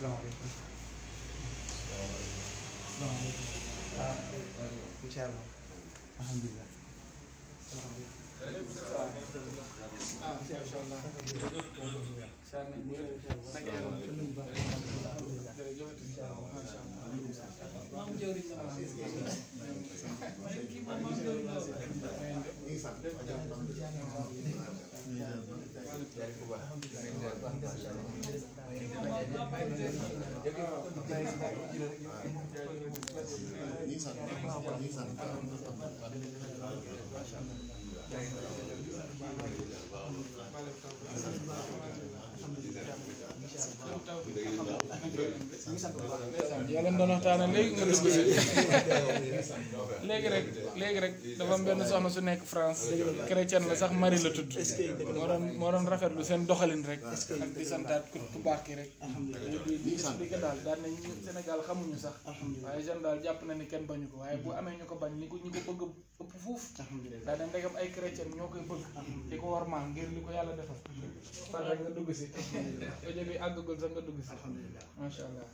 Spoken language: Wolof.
salaamaaleykum. salaamaaleykum. waaw incha allah. alhamdulilah. alhamdulilah. waaw yaa leen doon waxtaanee léegi nga rëbb léegi rek léegi rek dafa am benn soxna su nekk France chrétienne la sax Marie la tudd moo doon moo doon rafetlu seen doxalin rek ak di santaat ku baax ki rek di di expliqué daal daal ne ñu Sénégal xamuñu sax waaye jeune daal jàpp na ni kenn bañu ko waaye bu amee ñu ko bañ ni ko ñu ko bëgg fuuf daa ne ndegam ay chrétien ñoo koy bëgg di ko war maa ngir li ko yàlla defal fan rek nga dugg si ba jógee àggagul sax nga dugg si macha allah